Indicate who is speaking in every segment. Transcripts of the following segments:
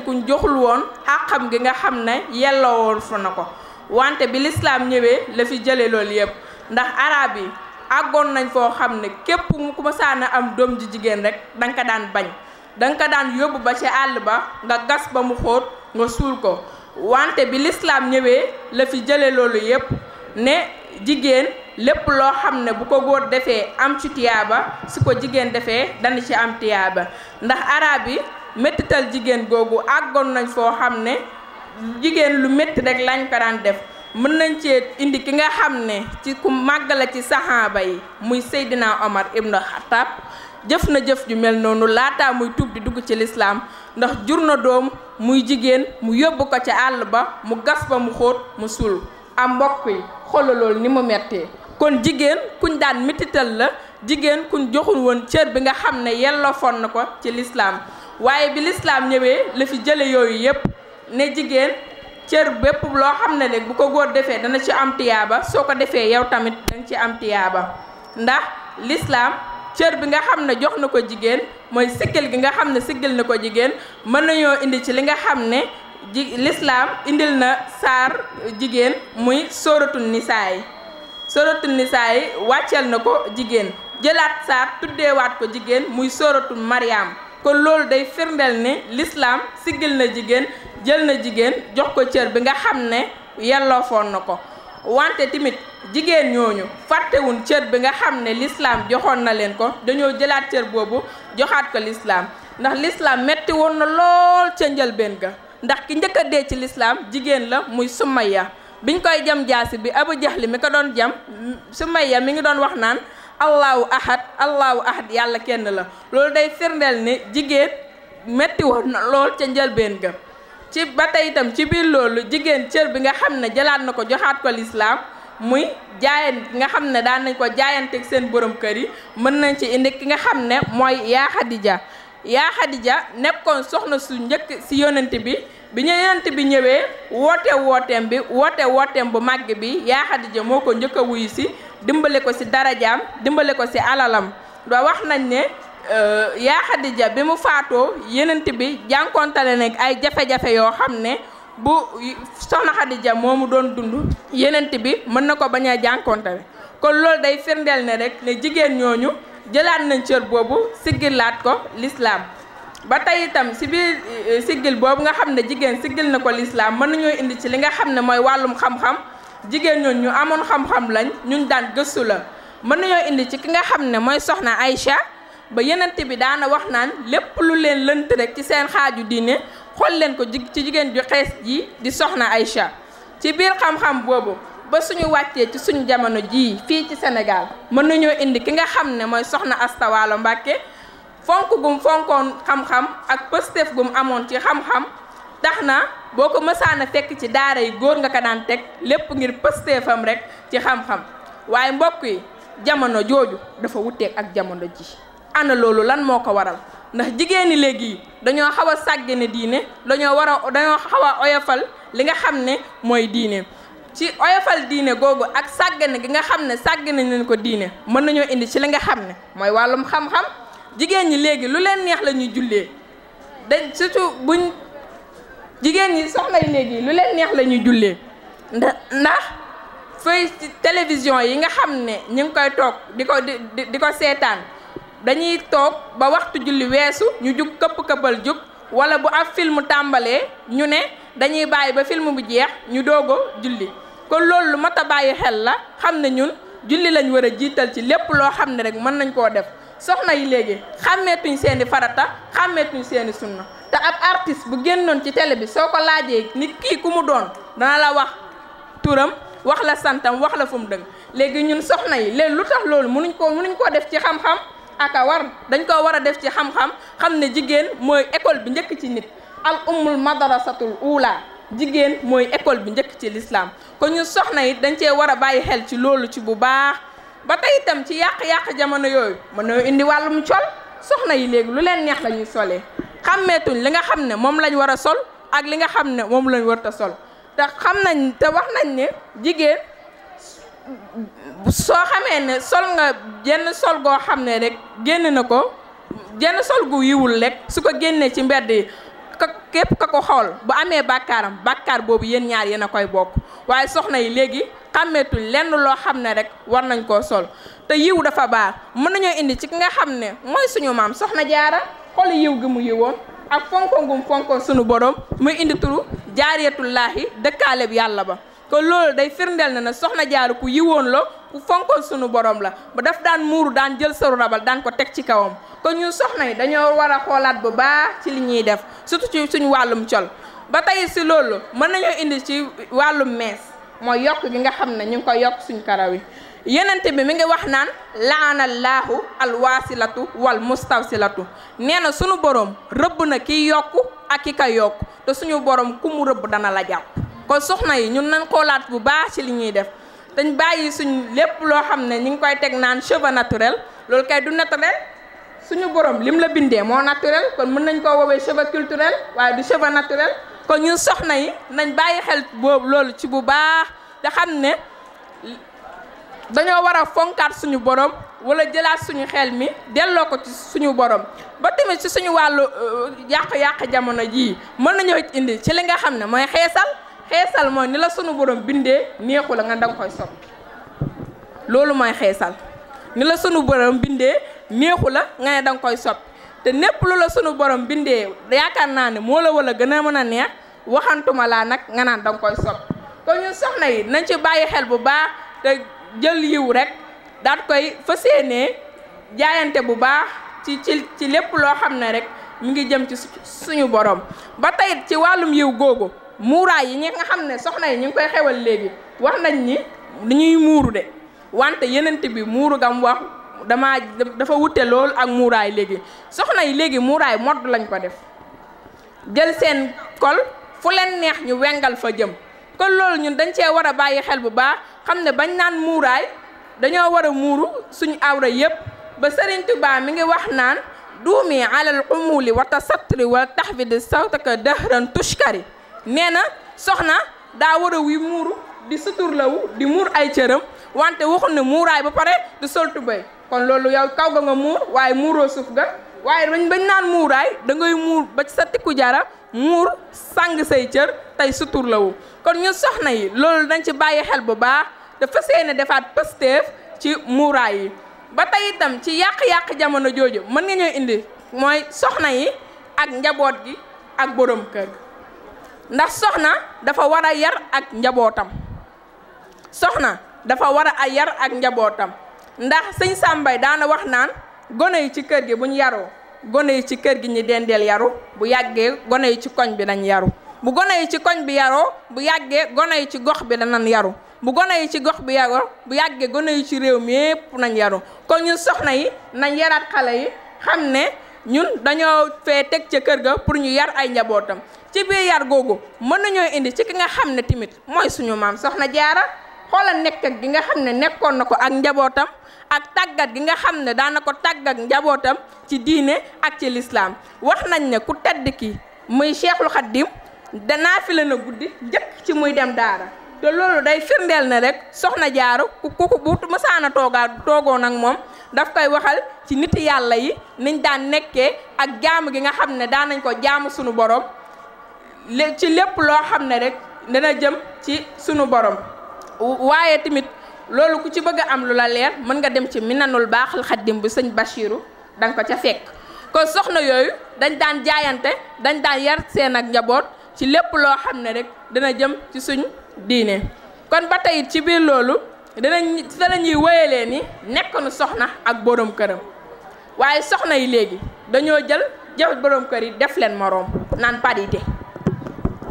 Speaker 1: kuñ joxul woon xàqam gi nga xam ne yelloo woon fa na ko wante bi lislaam ñëwee la fi jële loolu yépp ndax arab yi àggoon nañ foo xam ne képp mu ku ma saana am doom ji jigéen rek danga ko daan bañ danga ko daan yóbbu ba ci àll ba nga gas ba mu xóot nga suul ko wante bi lislaam ñëwee la fi jële loolu yépp ne jigéen lépp loo xam ne bu ko góor defee am ci tiyaaba su ko jigéen defee dana ci am tiyaaba ndax arab yi méttital jigéen googu àggoon nañ foo xam ne jigéen lu métti rek lañ ko daan def mën nañ cee indi ki nga xam ne ci ku màgg la ci saxaaba yi muy Seydina Omar ibnu Xattaab jëf na jëf ju mel noonu laataa muy tuub di dugg ci lislaam ndax jur na doom muy jigéen mu yóbbu ko ca àll ba mu gas ba mu xóot mu suul am mbokk yi xoolal loolu ni mu mettee kon jigéen kuñ daan mitital la jigéen kuñ joxul woon cër bi nga xam ne yellofoon na ko ci lislaam waaye bi lislaam ñëwee la fi jële yooyu yépp ne jigéen cër bépp loo xam ne rek bu ko góor defee dana ci am tiyaaba soo ko defee yow tamit danga ci am tiyaaba ndax lislaam cër bi nga xam ne jox na ko jigéen mooy sikkil gi nga xam ne sikkil na ko jigéen mën nañoo indi ci li nga xam ne ji lislaam indil na saar jigéen muy sóoratul nisaa yi sóoratul nisaa yi wàcceel na ko jigéen jëlaat saar tuddeewaat ko jigéen muy sóoratul mariyam kon loolu day firndeel ne lislaam siggil na jigéen jël na jigéen jox ko cër bi nga xam ne yelloofoon na ko wante timit jigéen ñooñu fàttewuñ cër bi nga xam ne lislaam joxoon na leen ko dañoo jëlaat cër boobu joxaat ko lislaam ndax lislaam metti woon na lool ca njëlbéen ga ndax ki njëkk a dee ci lislaam jigéen la muy Sumayya biñ koy jam jaasi bi Abu Jahl mi ko doon jam Sumayya mi ngi doon wax naan allahu ahad allahu ahad yàlla kenn la loolu day firndeel ne jigéen metti woon na lool ca njëlbeen ga ci ba tey itam ci biir loolu jigéen cër bi nga xam ne jëlaat na ko joxaat ko lislaam muy jaayant ki nga xam ne daan nañ ko jaayanteeg seen borom kër yi mën nañ ci indi ki nga xam ne mooy yaa ja yaa ja nekkoon soxna su njëkk si yonent bi bi ñu yonent bi ñëwee woote wooteem bi woote wooteem bu màgg bi yaa Xadija moo ko njëkk a wuyu si dimbale ko si darajaam dimbale ko si alalam da wax nañ ne euh, yaa Xadija bi mu faatoo yenent bi jànkontale nekk ay jafe-jafe yoo xam ne bu soxna Xadija mu doon dund yenent bi mën na ko bañ a jànkontale kon loolu day firndeel ne rek ne jigéen ñooñu jëlaat nañ cër boobu siggilaat ko lislaam ba tey itam si biir euh, siggil boobu nga xam ne jigéen siggil na ko lislaam mën nañoo indi ci li nga xam ne mooy wàllum xam-xam jigéen ñun ñu amoon xam-xam lañ ñun daan gëstu la mën nañoo indi ci ki nga xam ne mooy soxna Aïcha ba yenent bi daana wax naan lépp lu leen lënt rek ci seen xaaju diine xool leen ko jig ci jigéen ju xees ji di soxna Aïcha ci biir xam-xam boobu ba suñu wàccee ci suñu jamono jii fii ci Sénégal mën nañoo indi ki nga xam ne mooy soxna Asta Walo Mbàkke fonk gum fonkoon xam-xam ak pëstef gum amoon ci xam-xam tax na boo ko mësaan a fekk ci daara yi góor nga ko daan teg lépp ngir pësteefam rekk ci xam-xam waaye mbokk yi jamono jooju dafa wuteeg ak jamono ji ana loolu lan moo ko waral ndax jigéen ñi léegi dañoo xaw a sàggane diine dañoo war a dañoo xaw oyofal li nga xam ne mooy diine ci oyofal diine googu ak sàggane gi nga xam ne sàggane nañ ko diine mën nañoo indi ci li nga xam ne mooy wàllum xam-xam jigéen ñi léegi lu leen neex la ñuy jullee dañ surtout jigéen ñi soxna yi léegi lu leen neex la ñuy jullee ndax fay ci yi nga xam ne ñu ngi koy toog di ko di di ko seetaan dañuy toog ba waxtu julli weesu ñu jug këpp-këppal jug wala bu ab film tàmbalee ñu ne dañuy bàyyi ba filmu bu jeex ñu doogo julli kon loolu lu mat a bàyyi xel la xam ne ñun julli lañ war a jiital ci lépp loo xam ne rek mën nañ koo def soxna yi léegi xàmmeetuñ seeni farata xàmmeetuñ seeni sunna te ab artiste bu génnoon ci tele bi soo ko laajee nit kii ku mu doon dana la wax turam wax la santam wax la fu mu léegi ñun soxna yi léegi lu tax loolu nuñ ko munuñ koo def ci xam-xam aka war dañ koo war a def ci xam-xam xam ne jigéen mooy école bi njëkk ci nit al ummul madarasatul ula jigéen mooy école bi njëkk ci lislaam kon ñun soxna yi dañ cee war a bàyyi xel ci loolu ci bu baax ba tey itam ci yàq-yàq jamono yooyu mën na indi wàllum col soxna yi léegi lu leen neex la ñuy solee xàmmeetuñ li nga xam ne moom lañ war a sol ak li nga xam ne moom lañ warta sol te xam nañ te wax nañ ne jigéen soo xamee ne sol nga jenn sol goo xam ne rek génn na ko jenn sol gu yiwul rek su ko génnee ci mbedd yi ka képp ka ko xool bu amee bàkkaaram bàkkaar boobu yéen ñaar yéen a koy bokk waaye soxna yi léegi xàmmeetul lenn loo xam ne rek war nañ koo sol te yiw dafa baax mën nañoo indi ci ki nga xam ne mooy suñu maam soxna jaara xolu yiw gi mu yiwoon ak fonko ngum fonko sunu borom muy indi turu jaariyatullaahi dëkkaaleb yàlla ba kon loolu day firndeel na ne soxna jaaru ku yiwoon la ku fonkoon sunu borom la ba daf daan muuru daan jël saru rabal daan ko teg ci kawam kon ñu soxna yi dañoo war a xoolaat bu baax ci li ñuy def surtout ci suñu wàllum col ba tey si loolu mën nañoo indi ci wàllum mees mooy yokk gi nga xam ne ñu ngi ko yokk suñ karaw yi yonent bi mi ngi wax naan laanallaahu alwaasilatu wal mustawsilatu nee na sunu borom rëbb na kiy yokk ak ki ka yokk te suñu borom ku mu rëbb dana la jàpp kon soxna yi ñun nañ xoolaat bu baax ci li ñuy def dañ bàyyi suñ lépp loo xam ne ñu ngi koy teg naan cheveux naturel loolu kay du naturel suñu borom lim la bindee moo naturel kon mun nañ koo woowee cheveux culturel waaye du cheveux naturel kon ñu soxna yi nañ bàyyi xel boobu loolu ci bu baax te xam ne dañoo war a fonkaat suñu borom wala jëlaat suñu xel mi delloo ko ci suñu borom ba tamit ci suñu wàllu euh, yàq-yàq jamono jii mën nañoo indi ci li nga xam ne mooy xeesal xeesal mooy ni la suñu borom bindee neexu la nga danga koy sopp loolu mooy xeesal ni la suñu borom bindee neexu la nga ne danga koy soppi te népp lu la suñu borom bindee yaakaar naa ne moo la a gën a mën a neex waxantuma laa nag nga naan danga koy soppi kon ñun soxna yi nañ ci bàyyi xel bu baax te. jël yiw rekk daat koy fas yéenee jaayante bu baax ci ci ci lépp loo xam ne rek mu ngi jëm ci suñu borom ba tey ci wàllum yiw googu muuraay yi ñi nga xam ne soxna yi ñu ngi koy xewal léegi wax nañ ni dañuy muuru de wante yenent bi muuru gam wax damaa dafa wute loolu ak muuraay léegi soxna yi léegi muuraay modd lañ ko def jël seen kol fu leen neex ñu wengal fa jëm kon loolu ñun dañ cee war a bàyyi xel bu baax xam ne bañ naan muuraay dañoo war a muuru suñu awra yépp ba Serigne Touba mi ngi wax naan duumi alal umuli tax tasatturi wa tahfidi sawtaka dahran tushkari nee na soxna daa war a wi muuru di suturlawu di muur ay cëram wante waxul ne muuraay ba pare du sol tubéy kon loolu yow kaw ga nga muur waaye muuroo suuf ga waaye bañ bañ naan muuraay da ngay muur ba ci sa tikku jara muur sàng say cër tey suturlawu kon ñun soxna yi loolu dañ ci bàyyi xel bu baax dafa seene defaat pësteef ci muuraay yi ba tey itam ci yàq-yàq jamono jooju mën nga ñoo indi mooy soxna yi ak njaboot gi ak boroom kër ndax soxna dafa war a yar ak njabootam soxna dafa war a yar ak njabootam ndax sëñ Sàmbay daana wax naan gone yi ci kër gi buñ yaroo gone yi ci kër gi ñi dendeel yaru bu yàggee gone yi ci koñ bi nañ yaru bu gone yi ci koñ bi yaroo bu yàggee gone yi ci gox bi danañ yaru bu gone yi ci gox bi yaroo bu yàggee gone yi ci réew mi yépp nañ yaru kon ñun soxna yi nañ yaraat xale yi xam ne ñun dañoo fee teg ca kër ga pour ñu yar ay njabootam ci biir yar googu mën nañoo indi ci ki nga xam ne tamit mooy suñu maam soxna jaara xoolal nekk gi nga xam ne nekkoon na ko ak njabootam ak tàggat gi nga xam ne daana ko tàggat njabootam ci diine ak ci lislaam wax nañ ne ku tedd ki muy Cheikhul Khadim danaa fi la na guddi njëkk ci muy dem daara te loolu day firndeel na rek soxna jaaru ku ku bu mësaana toogaa toogoon ak moom daf koy waxal ci nit yàlla yi niñ daan nekkee ak jaamu gi nga xam ne daan nañ ko jaamu sunu borom ci lépp loo xam ne rek dana jëm ci sunu borom waaye tamit loolu ku ci bëgg a am lu la leer mën nga dem ci minanul baaxul xaddim bu sëñ Bachiru danga ko ca fekk kon soxna yooyu dañ daan jaayante dañ daan yar seen ak njaboot ci lépp loo xam ne rek dana jëm ci suñ diine kon ba tey ci biir loolu danañ te la ñuy ni nekk nu soxna ak borom këram waaye soxna yi léegi dañoo jël jël borom kër yi def leen moroom naan parité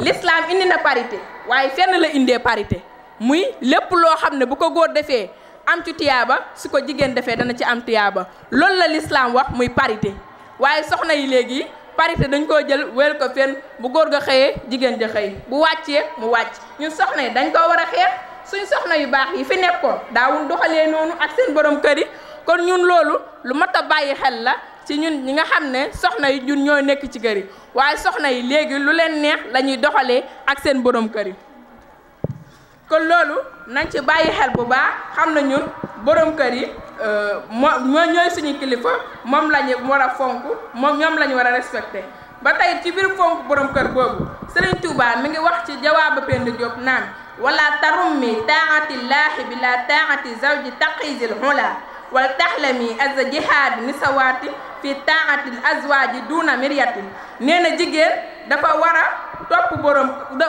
Speaker 1: l'islam indi na parité waaye fenn la indee parité muy lépp loo xam ne bu ko góor defee am ci tiyaaba su ko jigéen defee dana ci am tiyaaba loolu la lislaam wax muy parité waaye soxna yi léegi parité dañ koo jël wel ko fenn bu góor ga xëyee jigéen ja xëy bu wàccee mu wàcc ñun soxna yi dañ ko war a xeex suñ soxna yu baax yi fi nekkoon daawul doxalee noonu ak seen borom kër yi kon ñun loolu lu mat a bàyyi xel la ci ñun ñi nga xam ne soxna yi ñun ñoo nekk ci kër yi waaye soxna yi léegi lu leen neex la ñuy doxalee ak seen boroom kër yi kon loolu nañ ci bàyyi xel bu baax xam na ñun borom kër yi euh, moo ñooy suñu kilifa moom la ñu war a fonk moom ñoom lañu ñu war a respecté ba tey ci biir fonk borom kër boobu Serigne Touba mi ngi wax ci jawaaba Penda Diop naan wala tarummi taatillaahi bi la taati zawji taqisil hula wal taxlami azza jihaadi nisawaati fi taati azwaaji duuna miryatin nee na jigéen dafa war a topp borom da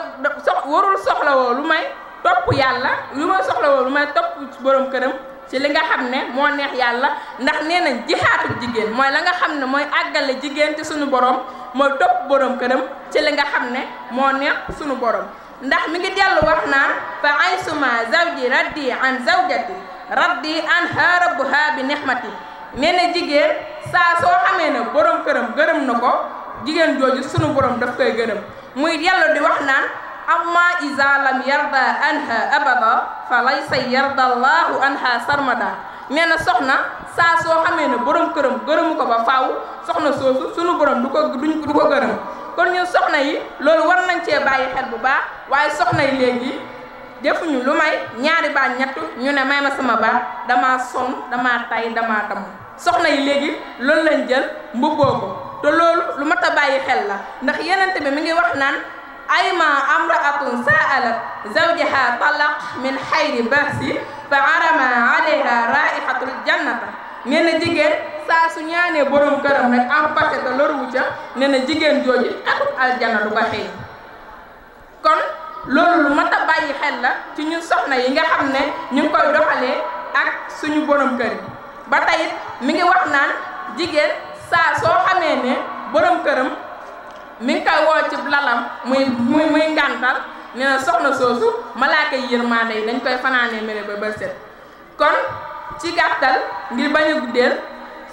Speaker 1: warul soxlawoo lu may topp yàlla lu may soxlawoo lu may topp borom këram ci li nga xam ne moo neex yàlla ndax nee nañ jixaatul jigéen mooy la nga xam ne mooy àggale jigéen ci suñu borom mooy topp borom këram ci li nga xam ne moo neex sunu borom ndax mi ngi dellu wax naan fa aysuma zawji raddi an zawjati raddi anha rabbuha bi nihmati nee na jigéen saa soo xamee ne borom këram gërëm na ko jigéen jooju sunu borom daf koy gërëm muy yàlla di wax naan amma iza lam yarda anha abada fa laysa yarda allahu anha sarmada nee na soxna saa soo xamee ne borom këram gërëmu ko ba faaw soxna soosu sunu borom du ko duñ du ko gërëm kon ñun soxna yi loolu war nañ cee bàyyi xel bu baax waaye soxna yi léegi defuñu lu may ñaari baat ñett ñu ne may ma sama baat damaa sonn damaa tay damaa damm soxna yi léegi loolu lañ jël mbubboo ko te loolu lu mat a bàyyi xel la ndax yenente bi mi ngi wax naan أيما امرأة سألت زوجها طلق من خير بأس فعرم عليها رائحة الجنة nee na jigéen saa su ñaanee borom këram rek am pase loruwu ca nee na jigéen jooju xetu aljana du ko xëy kon loolu lu mat a xel la ci ñu soxna yi nga xam ne ñu ngi koy doxalee ak suñu borom kër ba tey it mi ngi wax naan jigéen saa soo xamee ne borom këram. mi ngi koy woo ci lalam muy muy muy ngàntal nee na soxna soosu malaaka yi yërmaande yi dañ koy fanaanee mere ba bët set kon ci gàttal ngir bañ a guddeel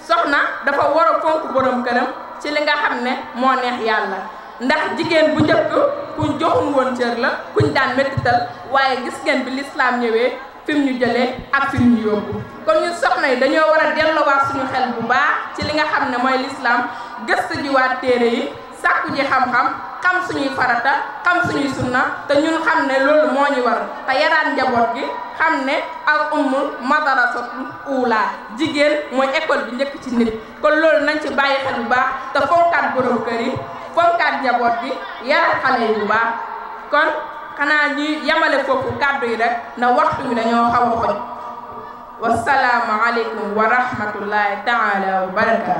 Speaker 1: soxna dafa war a fonk borom këram ci li nga xam ne moo neex yàlla ndax jigéen bu njëkk kuñ joxum woon cër la kuñ daan méttital waaye gis ngeen bi lislaam ñëwee fim ñu jëlee ak fim ñu yóbbu kon ñu soxna yi dañoo war a delloowaat suñu xel bu baax ci li nga xam ne mooy lislaam gëstu jiwaat téere yi sàkku ji xam-xam xam suñuy farata xam suñuy sunna te ñun xam ne loolu moo ñu war te yaraan njaboot gi xam ne al ummu madrasatul uula jigéen mooy école bi njëkk ci nit kon loolu nañ ci bàyyi xel bu baax te fonkaat borom kër yi fonkaat njaboot gi yaral xale yi bu baax kon xanaa ñuy yamale foofu kàddu yi rek na waxtu wi dañoo xaw a xoj wasalaamu aleykum wa rahmatullahi wa barakatuh